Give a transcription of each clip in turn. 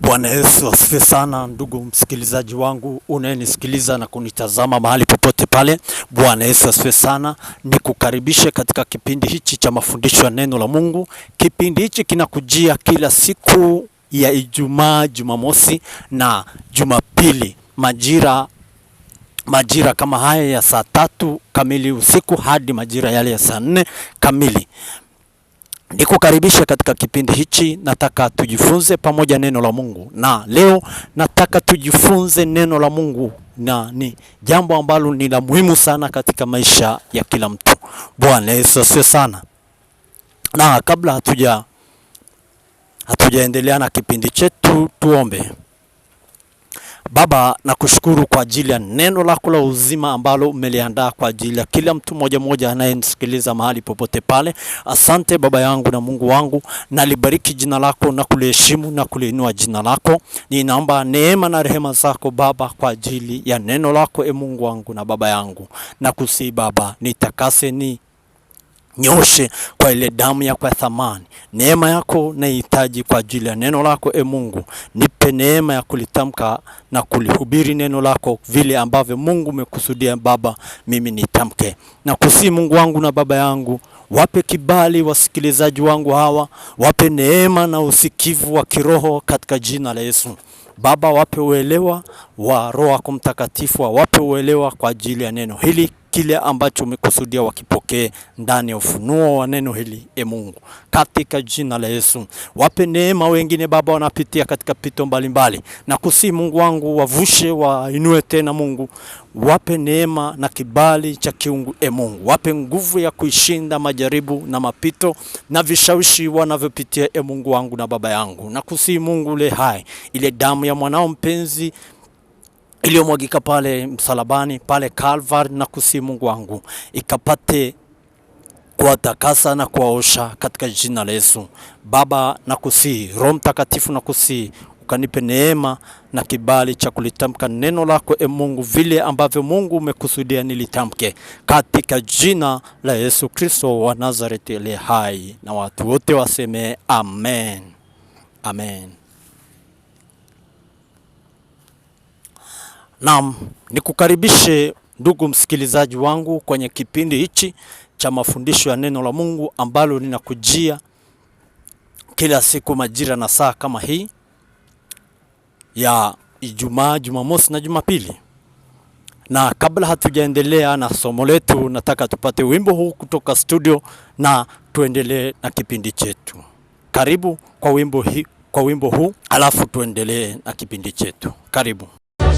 Bwana Yesu asifiwe sana, ndugu msikilizaji wangu unayenisikiliza na kunitazama mahali popote pale. Bwana Yesu asifiwe sana, nikukaribishe katika kipindi hichi cha mafundisho ya neno la Mungu. Kipindi hichi kinakujia kila siku ya Ijumaa, Jumamosi na Jumapili majira majira kama haya ya saa tatu kamili usiku hadi majira yale ya saa nne kamili. Nikukaribisha katika kipindi hichi, nataka tujifunze pamoja neno la Mungu, na leo nataka tujifunze neno la Mungu, na ni jambo ambalo ni la muhimu sana katika maisha ya kila mtu. Bwana Yesu asifiwe sana. Na kabla hatuja hatujaendelea na kipindi chetu, tuombe. Baba, nakushukuru kwa ajili ya neno lako la uzima ambalo umeliandaa kwa ajili ya kila mtu mmoja mmoja anayenisikiliza mahali popote pale. Asante Baba yangu na Mungu wangu, nalibariki jina lako na kuliheshimu na kuliinua jina lako. Ninaomba neema na rehema zako Baba kwa ajili ya neno lako, e Mungu wangu na Baba yangu, nakusihi Baba nitakase ni Nyoshe kwa ile damu yako ya thamani. Neema yako nahitaji kwa ajili ya neno lako. E Mungu, nipe neema ya kulitamka na kulihubiri neno lako vile ambavyo Mungu umekusudia. Baba, mimi nitamke na kusi. Mungu wangu na baba yangu, wape kibali wasikilizaji wangu hawa, wape neema na usikivu wa kiroho katika jina la Yesu. Baba, wape uelewa wa Roho yako Mtakatifu, wape uelewa kwa ajili ya neno hili kile ambacho umekusudia wakipokee ndani ya ufunuo wa neno hili. E Mungu, katika jina la Yesu, wape neema wengine Baba, wanapitia katika pito mbalimbali mbali. na kusi Mungu wangu wavushe, wainue tena Mungu, wape neema na kibali cha kiungu. E Mungu, wape nguvu ya kuishinda majaribu na mapito na vishawishi wanavyopitia. E Mungu wangu na Baba yangu, na kusi Mungu ule hai, ile damu ya mwanao mpenzi iliyomwagika pale msalabani pale Calvary, na kusi Mungu wangu ikapate kuwatakasa na kuwaosha katika jina la Yesu. Baba na kusi Roho Mtakatifu na kusi ukanipe neema na kibali cha kulitamka neno lako e Mungu, vile ambavyo Mungu umekusudia nilitamke, katika jina la Yesu Kristo wa Nazareti aliye hai, na watu wote waseme amen, amen. Naam, nikukaribishe ndugu msikilizaji wangu kwenye kipindi hichi cha mafundisho ya neno la Mungu ambalo ninakujia kila siku majira na saa kama hii ya Ijumaa, Jumamosi na Jumapili. Na kabla hatujaendelea na somo letu, nataka tupate wimbo huu kutoka studio na tuendelee na kipindi chetu. Karibu kwa wimbo hii, kwa wimbo huu, alafu tuendelee na kipindi chetu. Karibu.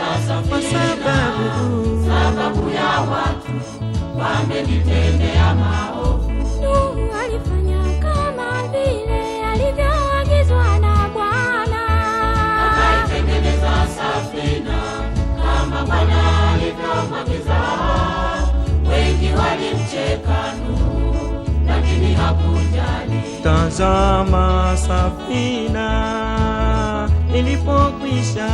kwa sababu sababu ya watu wamenitendea maovu. Nuhu alifanya kama vile alivyoagizwa na Bwana, akaitengeneza safina kama Bwana alivyomwagiza. Wengi walimcheka Nuhu, lakini hakujali. Tazama safina nilipokwisha,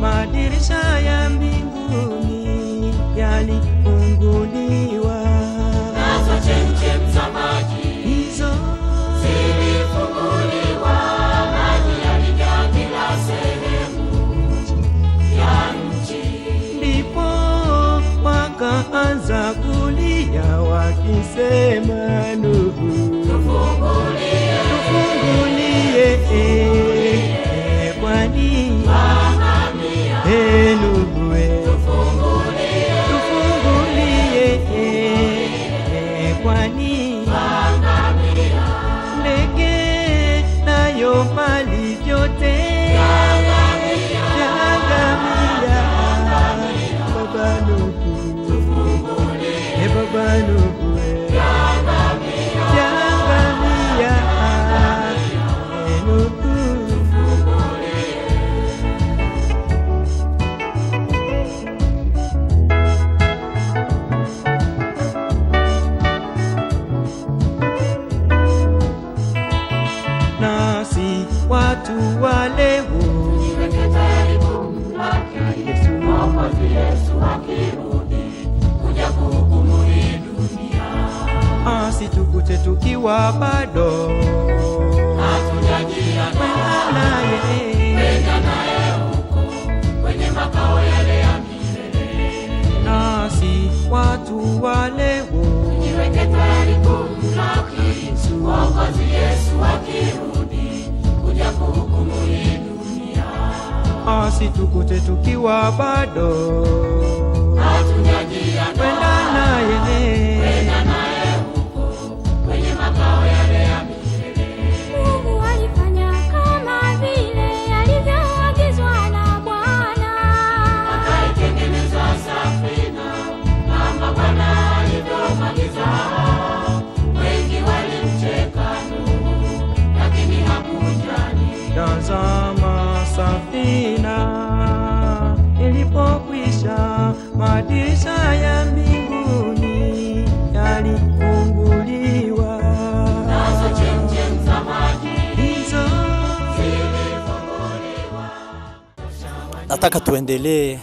madirisha ya mbinguni yalifunguliwa, nazo chemchem za maji hizo zilifunguliwa, maji kila sehemu ya nchi. Ndipo wakaanza kulia wakisema, nuru watu wa leo. Tujiwekeze Mungu asitukute tukiwa bado basi tukute tukiwa bado, kwenda naye tuendelee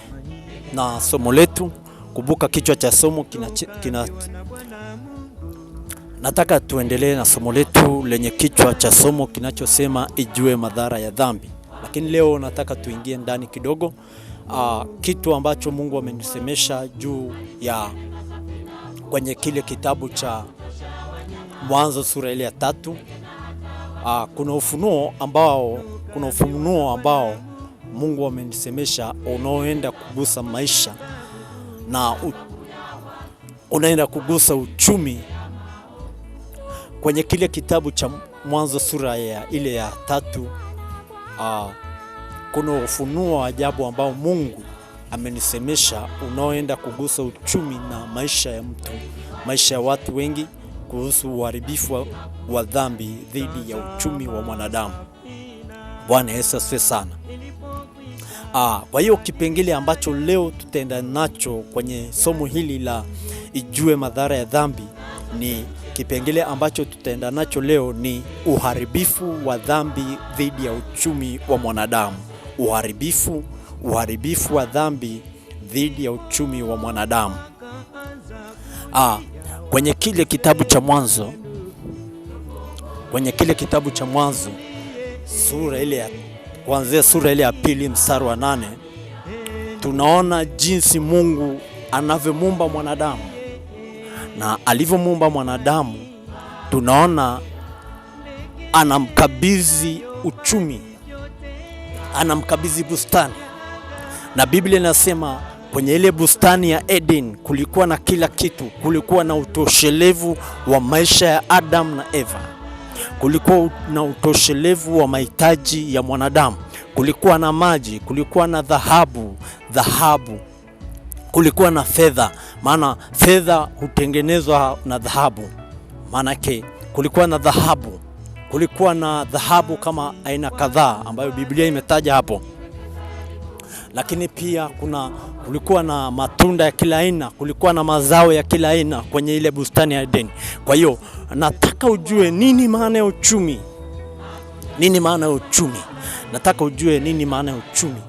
na somo letu. Kumbuka kichwa cha somo kina, kina, nataka tuendelee na somo letu lenye kichwa cha somo kinachosema ijue madhara ya dhambi, lakini leo nataka tuingie ndani kidogo, uh, kitu ambacho Mungu amenisemesha juu ya kwenye kile kitabu cha Mwanzo sura ile ya tatu. Uh, kuna ufunuo ambao kuna ufunuo ambao Mungu amenisemesha unaoenda kugusa maisha na u, unaenda kugusa uchumi kwenye kile kitabu cha Mwanzo sura ya ile ya tatu. Uh, kuna ufunuo wa ajabu ambao Mungu amenisemesha unaoenda kugusa uchumi na maisha ya mtu, maisha ya watu wengi kuhusu uharibifu wa dhambi dhidi ya uchumi wa mwanadamu. Bwana Yesu asifiwe sana. Aa, ah, kwa hiyo kipengele ambacho leo tutaenda nacho kwenye somo hili la ijue madhara ya dhambi ni kipengele ambacho tutaenda nacho leo ni uharibifu wa dhambi dhidi ya uchumi wa mwanadamu. Uharibifu, uharibifu wa dhambi dhidi ya uchumi wa mwanadamu. Aa, ah, kwenye kile kitabu cha Mwanzo, kwenye kile kitabu cha Mwanzo sura ile ya kuanzia sura ile ya pili mstari wa nane tunaona jinsi Mungu anavyomuumba mwanadamu na alivyomuumba mwanadamu, tunaona anamkabidhi uchumi, anamkabidhi bustani, na Biblia inasema kwenye ile bustani ya Eden kulikuwa na kila kitu, kulikuwa na utoshelevu wa maisha ya Adam na Eva kulikuwa na utoshelevu wa mahitaji ya mwanadamu, kulikuwa na maji, kulikuwa na dhahabu, dhahabu kulikuwa na fedha, maana fedha hutengenezwa na dhahabu. Maanake kulikuwa na dhahabu, kulikuwa na dhahabu kama aina kadhaa ambayo Biblia imetaja hapo, lakini pia kuna kulikuwa na matunda ya kila aina, kulikuwa na mazao ya kila aina kwenye ile bustani ya Edeni. Kwa hiyo Nataka ujue nini maana ya uchumi, nini maana ya uchumi. Nataka ujue nini maana ya uchumi.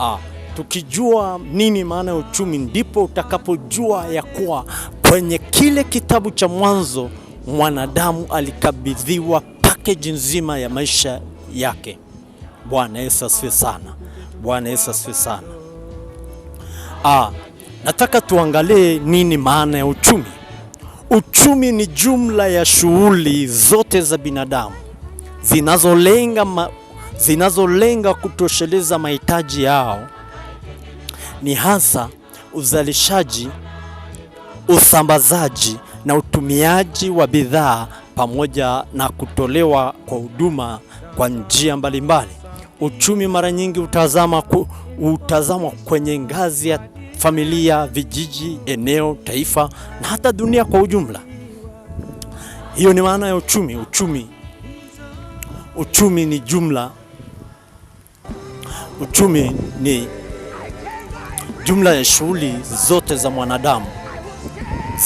Ah, tukijua nini maana ya uchumi, ndipo utakapojua ya kuwa kwenye kile kitabu cha Mwanzo mwanadamu alikabidhiwa pakeji nzima ya maisha yake. Bwana Yesu asifiwe sana. Bwana Yesu asifiwe sana. Ah, nataka tuangalie nini maana ya uchumi. Uchumi ni jumla ya shughuli zote za binadamu zinazolenga, ma, zinazolenga kutosheleza mahitaji yao, ni hasa uzalishaji, usambazaji na utumiaji wa bidhaa pamoja na kutolewa kwa huduma kwa njia mbalimbali. Uchumi mara nyingi hutazamwa kwenye ngazi ya familia, vijiji, eneo, taifa na hata dunia kwa ujumla. Hiyo ni maana ya uchumi. Uchumi, uchumi ni jumla, uchumi ni jumla ya shughuli zote za mwanadamu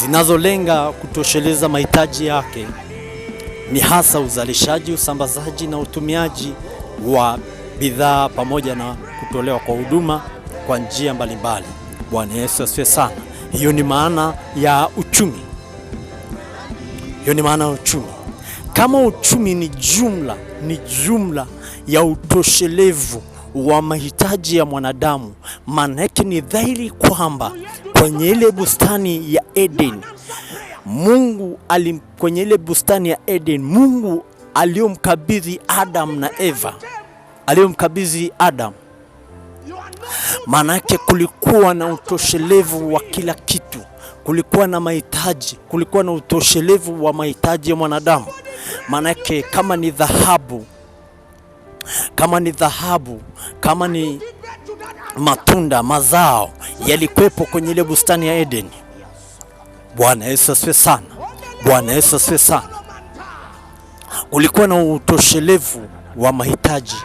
zinazolenga kutosheleza mahitaji yake, ni hasa uzalishaji, usambazaji na utumiaji wa bidhaa pamoja na kutolewa kwa huduma kwa njia mbalimbali. Bwana Yesu asifiwe sana. Hiyo ni maana ya uchumi, hiyo ni maana ya uchumi. Kama uchumi ni jumla, ni jumla ya utoshelevu wa mahitaji ya mwanadamu, maana yake ni dhahiri kwamba kwenye ile bustani ya Eden Mungu alim, kwenye ile bustani ya Eden Mungu aliyomkabidhi Adam na Eva aliyomkabidhi Adam Maanake kulikuwa na utoshelevu wa kila kitu, kulikuwa na mahitaji, kulikuwa na utoshelevu wa mahitaji ya mwanadamu. Maanake kama ni dhahabu, kama ni dhahabu, kama ni matunda, mazao yalikuwepo kwenye ile bustani ya Edeni. Bwana Yesu asifiwe sana. Bwana Yesu asifiwe sana. Kulikuwa na utoshelevu wa mahitaji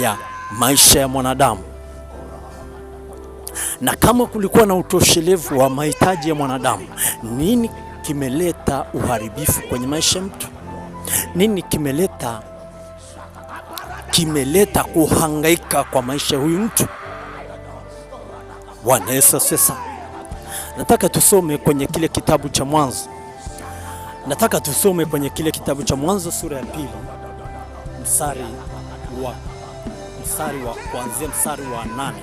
ya maisha ya mwanadamu na kama kulikuwa na utoshelevu wa mahitaji ya mwanadamu, nini kimeleta uharibifu kwenye maisha ya mtu? Nini kimeleta kimeleta kuhangaika kwa maisha huyu mtu? Bwana Yesu sasa. Nataka tusome kwenye kile kitabu cha Mwanzo, nataka tusome kwenye kile kitabu cha Mwanzo sura ya pili msari wa msari wa kuanzia msari wa nane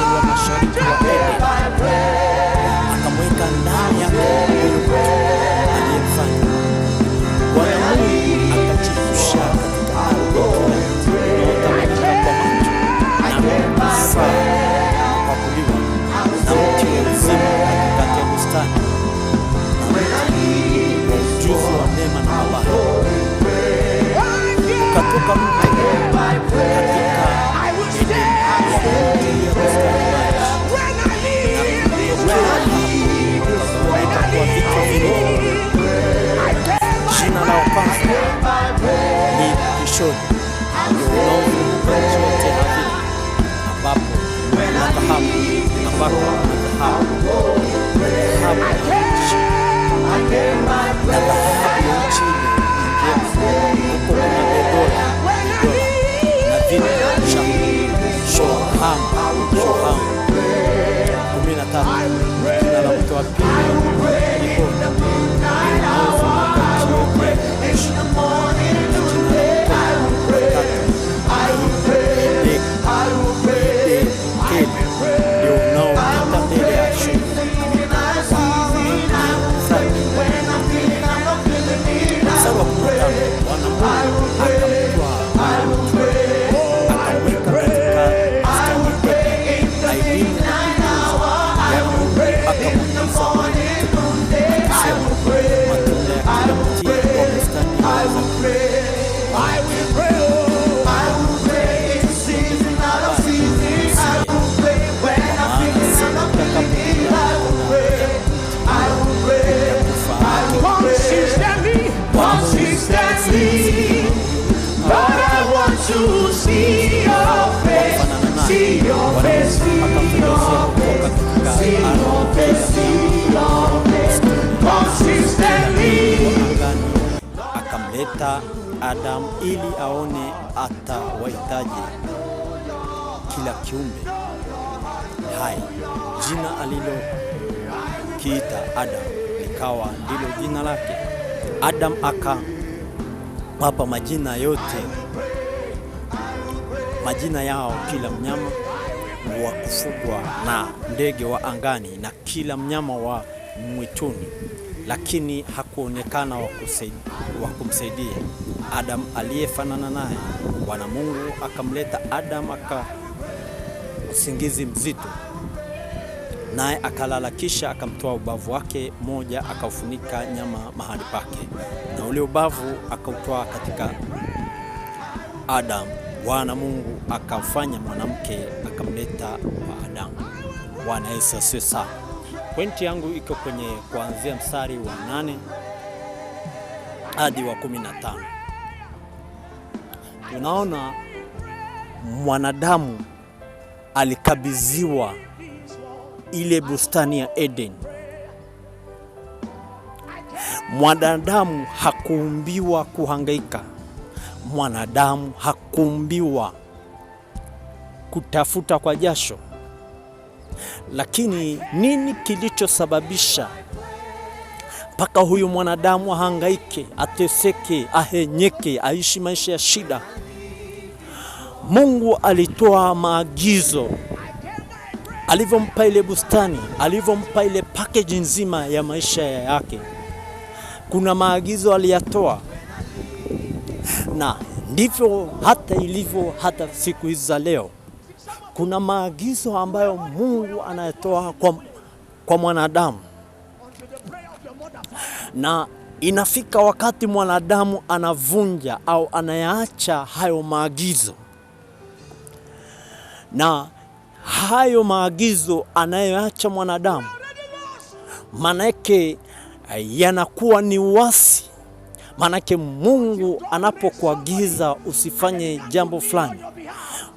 Baba, ukatupa akamleta Adamu ili aone atawahitaje kila kiumbe hai. Jina alilokiita Adamu likawa ndilo jina lake. Adamu akawapa majina yote majina yao kila mnyama wa kufugwa na ndege wa angani na kila mnyama wa mwituni, lakini hakuonekana wa kumsaidia Adam aliyefanana naye. Bwana Mungu akamleta Adam aka usingizi mzito, naye akalala. Kisha akamtoa ubavu wake mmoja, akaufunika nyama mahali pake, na ule ubavu akautoa katika Adam. Bwana Mungu akamfanya mwanamke akamleta mwanadamu. Bwana Yesu asiwe sana. Pointi yangu iko kwenye kuanzia mstari wa nane hadi wa kumi na tano. Tunaona mwanadamu alikabidhiwa ile bustani ya Eden. Mwanadamu hakuumbiwa kuhangaika. Mwanadamu hakuumbiwa kutafuta kwa jasho. Lakini nini kilichosababisha mpaka huyu mwanadamu ahangaike, ateseke, ahenyeke, aishi maisha ya shida? Mungu alitoa maagizo alivyompa ile bustani, alivyompa ile package nzima ya maisha yake. Kuna maagizo aliyatoa, na ndivyo hata ilivyo hata siku hizi za leo kuna maagizo ambayo Mungu anayetoa kwa, kwa mwanadamu na inafika wakati mwanadamu anavunja au anayaacha hayo maagizo, na hayo maagizo anayoacha mwanadamu, manake yanakuwa ni uasi. Manake Mungu anapokuagiza usifanye jambo fulani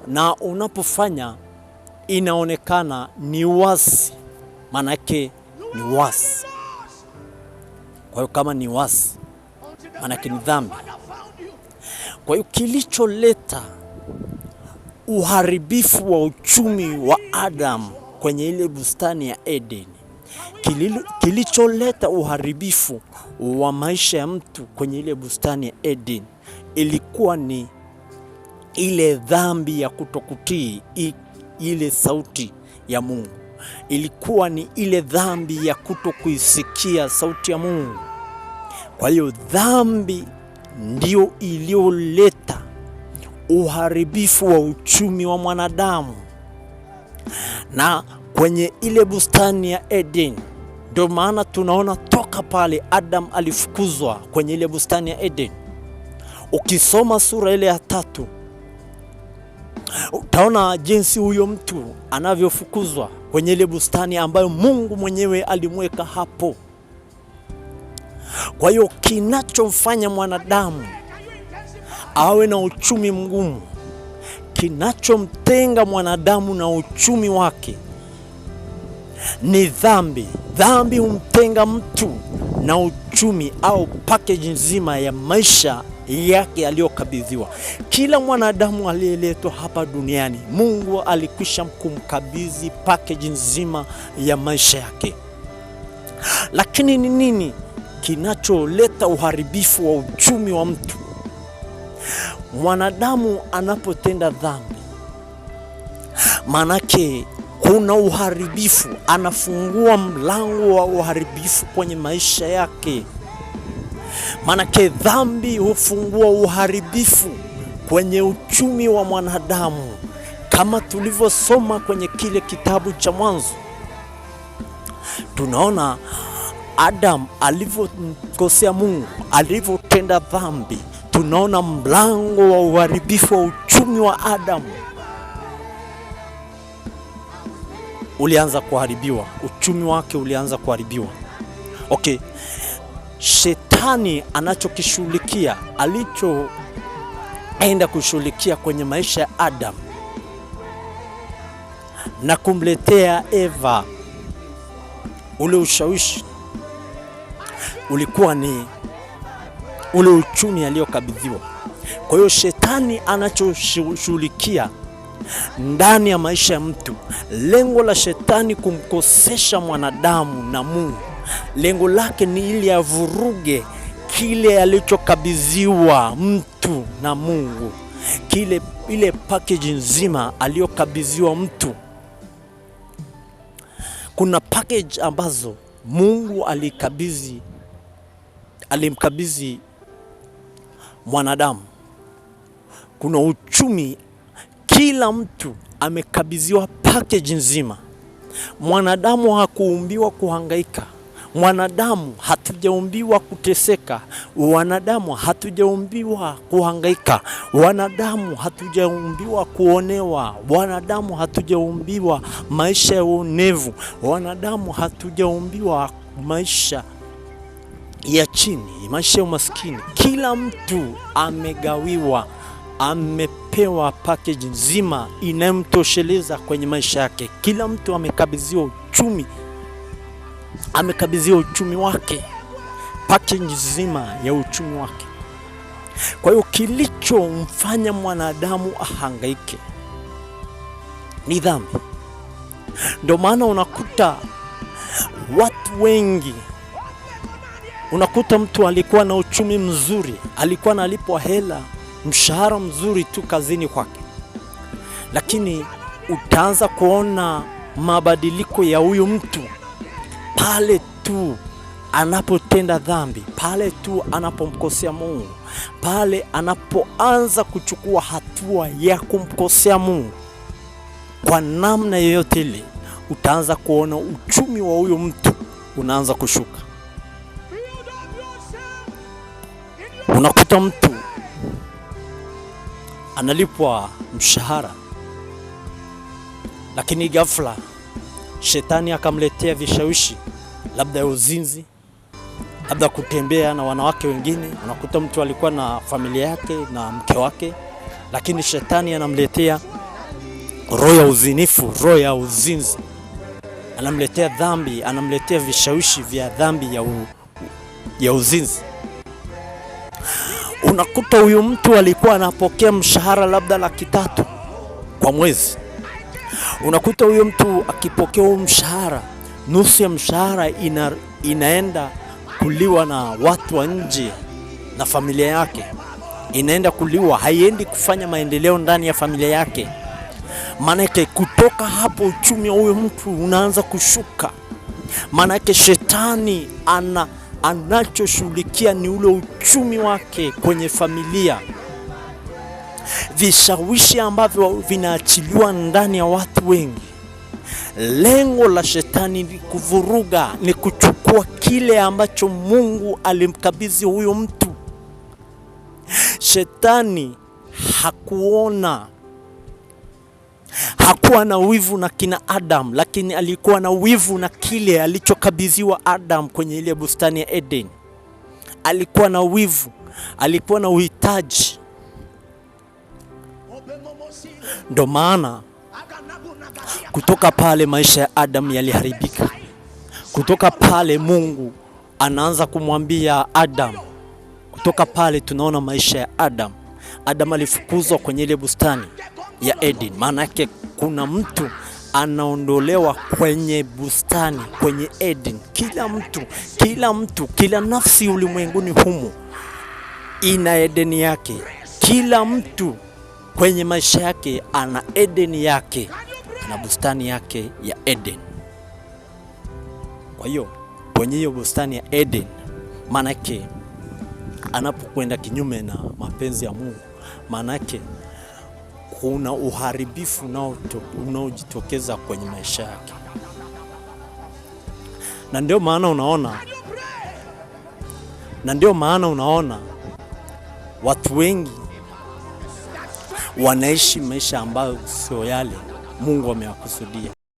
na unapofanya inaonekana ni wasi, manake ni wasi. Kwa hiyo kama ni wasi, manake ni dhambi. Kwa hiyo kilicholeta uharibifu wa uchumi wa Adamu kwenye ile bustani ya Edeni, kilicholeta uharibifu wa maisha ya mtu kwenye ile bustani ya Edeni ilikuwa ni ile dhambi ya kutokutii ile sauti ya Mungu, ilikuwa ni ile dhambi ya kutokuisikia sauti ya Mungu. Kwa hiyo dhambi ndio iliyoleta uharibifu wa uchumi wa mwanadamu, na kwenye ile bustani ya Eden ndio maana tunaona toka pale Adam alifukuzwa kwenye ile bustani ya Eden. Ukisoma sura ile ya tatu Utaona jinsi huyo mtu anavyofukuzwa kwenye ile bustani ambayo Mungu mwenyewe alimweka hapo. Kwa hiyo kinachomfanya mwanadamu awe na uchumi mgumu, kinachomtenga mwanadamu na uchumi wake ni dhambi. Dhambi humtenga mtu na uchumi au package nzima ya maisha yake aliyokabidhiwa. Kila mwanadamu aliyeletwa hapa duniani, Mungu alikwisha kumkabidhi package nzima ya maisha yake. Lakini ni nini kinacholeta uharibifu wa uchumi wa mtu? Mwanadamu anapotenda dhambi, maanake kuna uharibifu, anafungua mlango wa uharibifu kwenye maisha yake. Manake dhambi hufungua uharibifu kwenye uchumi wa mwanadamu, kama tulivyosoma kwenye kile kitabu cha Mwanzo. Tunaona Adam alivyokosea Mungu, alivyotenda dhambi, tunaona mlango wa uharibifu wa uchumi wa Adamu ulianza kuharibiwa, uchumi wake ulianza kuharibiwa. Okay, shetani anachokishughulikia, alichoenda kushughulikia kwenye maisha ya Adam na kumletea Eva ule ushawishi ulikuwa ni ule uchumi aliyokabidhiwa. Kwa hiyo shetani anachoshughulikia ndani ya maisha ya mtu. Lengo la shetani kumkosesha mwanadamu na Mungu, lengo lake ni ili avuruge kile alichokabidhiwa mtu na Mungu, kile ile package nzima aliyokabidhiwa mtu. Kuna package ambazo Mungu alikabidhi alimkabidhi mwanadamu. Kuna uchumi kila mtu amekabidhiwa package nzima. Mwanadamu hakuumbiwa kuhangaika. Mwanadamu hatujaumbiwa kuteseka. Wanadamu hatujaumbiwa kuhangaika. Wanadamu hatujaumbiwa kuonewa. Wanadamu hatujaumbiwa maisha ya uonevu. Wanadamu hatujaumbiwa maisha ya chini, maisha ya umaskini. Kila mtu amegawiwa amepewa package nzima inayomtosheleza kwenye maisha yake. Kila mtu amekabidhiwa uchumi, amekabidhiwa uchumi wake, package nzima ya uchumi wake. Kwa hiyo kilichomfanya mwanadamu ahangaike ni dhambi. Ndio maana unakuta watu wengi, unakuta mtu alikuwa na uchumi mzuri, alikuwa analipwa hela mshahara mzuri tu kazini kwake, lakini utaanza kuona mabadiliko ya huyu mtu pale tu anapotenda dhambi, pale tu anapomkosea Mungu, pale anapoanza kuchukua hatua ya kumkosea Mungu kwa namna yoyote ile, utaanza kuona uchumi wa huyo mtu unaanza kushuka. Unakuta mtu analipwa mshahara, lakini ghafla shetani akamletea vishawishi, labda ya uzinzi, labda kutembea na wanawake wengine. Unakuta mtu alikuwa na familia yake na mke wake, lakini shetani anamletea roho ya uzinifu, roho ya uzinzi, anamletea dhambi, anamletea vishawishi vya dhambi ya, u, ya uzinzi unakuta huyu mtu alikuwa anapokea mshahara labda laki tatu kwa mwezi, unakuta huyu mtu akipokea huyu mshahara, nusu ya mshahara ina, inaenda kuliwa na watu wa nje na familia yake inaenda kuliwa, haiendi kufanya maendeleo ndani ya familia yake. Maanake kutoka hapo uchumi wa huyu mtu unaanza kushuka, maanake shetani ana anachoshughulikia ni ule uchumi wake kwenye familia. Vishawishi ambavyo vinaachiliwa ndani ya watu wengi, lengo la shetani ni kuvuruga, ni kuchukua kile ambacho Mungu alimkabidhi huyo mtu. Shetani hakuona hakuwa na wivu na kina Adam, lakini alikuwa na wivu na kile alichokabidhiwa Adam kwenye ile bustani ya Eden. Alikuwa na wivu, alikuwa na uhitaji. Ndo maana kutoka pale maisha ya Adam yaliharibika. Kutoka pale Mungu anaanza kumwambia Adam. Kutoka pale tunaona maisha ya Adam. Adam alifukuzwa kwenye ile bustani ya Eden. Maana yake kuna mtu anaondolewa kwenye bustani, kwenye Eden. Kila mtu, kila mtu, kila nafsi ulimwenguni humu ina Eden yake. Kila mtu kwenye maisha yake ana Eden yake, ana bustani yake ya Eden. Kwa hiyo kwenye hiyo bustani ya Eden, maanake anapokwenda kinyume na mapenzi ya Mungu, maanake kuna uharibifu unaojitokeza kwenye maisha yake, na ndio maana unaona na ndio maana unaona watu wengi wanaishi maisha ambayo sio yale Mungu amewakusudia.